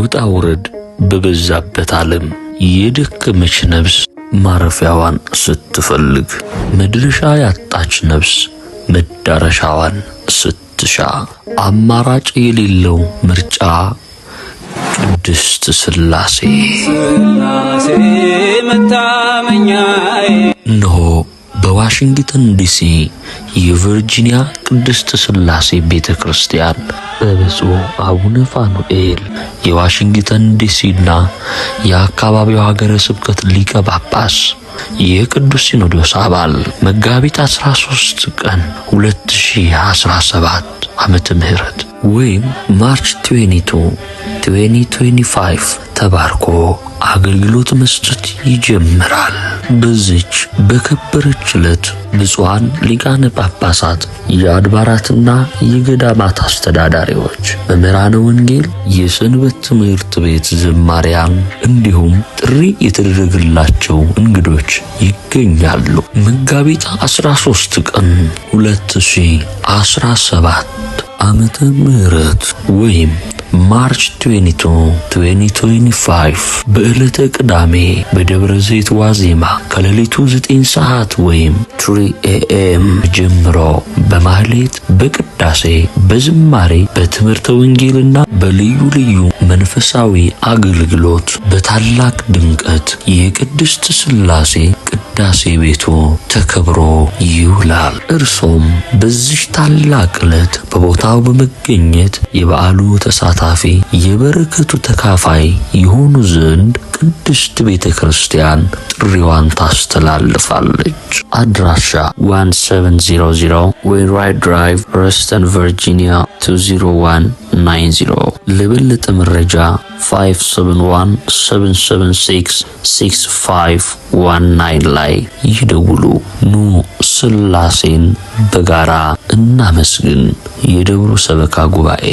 ውጣ ውረድ በበዛበት ዓለም የደከመች ነፍስ ማረፊያዋን ስትፈልግ፣ መድረሻ ያጣች ነፍስ መዳረሻዋን ስትሻ፣ አማራጭ የሌለው ምርጫ ቅድስት ስላሴ ስላሴ መታመኛ በዋሽንግተን ዲሲ የቨርጂኒያ ቅድስት ስላሴ ቤተ ክርስቲያን በብፁዕ አቡነ ፋኑኤል የዋሽንግተን ዲሲና የአካባቢው ሀገረ ስብከት ሊቀ ጳጳስ የቅዱስ ሲኖዶስ አባል መጋቢት 13 ቀን 2017 ዓመተ ምህረት ወይም ማርች 22 2025 ተባርኮ አገልግሎት መስጠት ይጀምራል። በዚች በከበረች ዕለት ብፁዓን ሊቃነ ጳጳሳት፣ የአድባራትና የገዳማት አስተዳዳሪዎች፣ መምህራነ ወንጌል፣ የሰንበት ትምህርት ቤት ዘማሪያን እንዲሁም ጥሪ የተደረገላቸው እንግዶች ይገኛሉ። መጋቢት 13 ቀን 2017 ዓመተ ምህረት ወይም ማርች 22 2025 በዕለተ ቅዳሜ በደብረ ዘይት ዋዜማ ከሌሊቱ 9 ሰዓት ወይም 3 ኤኤም ጀምሮ በማህሌት በቅዳሴ በዝማሬ በትምህርተ ወንጌልና በልዩ ልዩ መንፈሳዊ አገልግሎት በታላቅ ድምቀት የቅድስት ሥላሴ በቅዳሴ ቤቱ ተከብሮ ይውላል። እርሶም በዚህ ታላቅ ዕለት በቦታው በመገኘት የበዓሉ ተሳታፊ የበረከቱ ተካፋይ የሆኑ ዘንድ ቅድስት ቤተ ክርስቲያን ጥሪዋን ታስተላልፋለች። አድራሻ 1700 ዌንራይት ድራይቭ ረስተን ቨርጂኒያ 20190 ለበለጠ መረጃ 571776519 ላይ ይደውሉ። ኑ ስላሴን በጋራ እናመስግን። የደብሩ ሰበካ ጉባኤ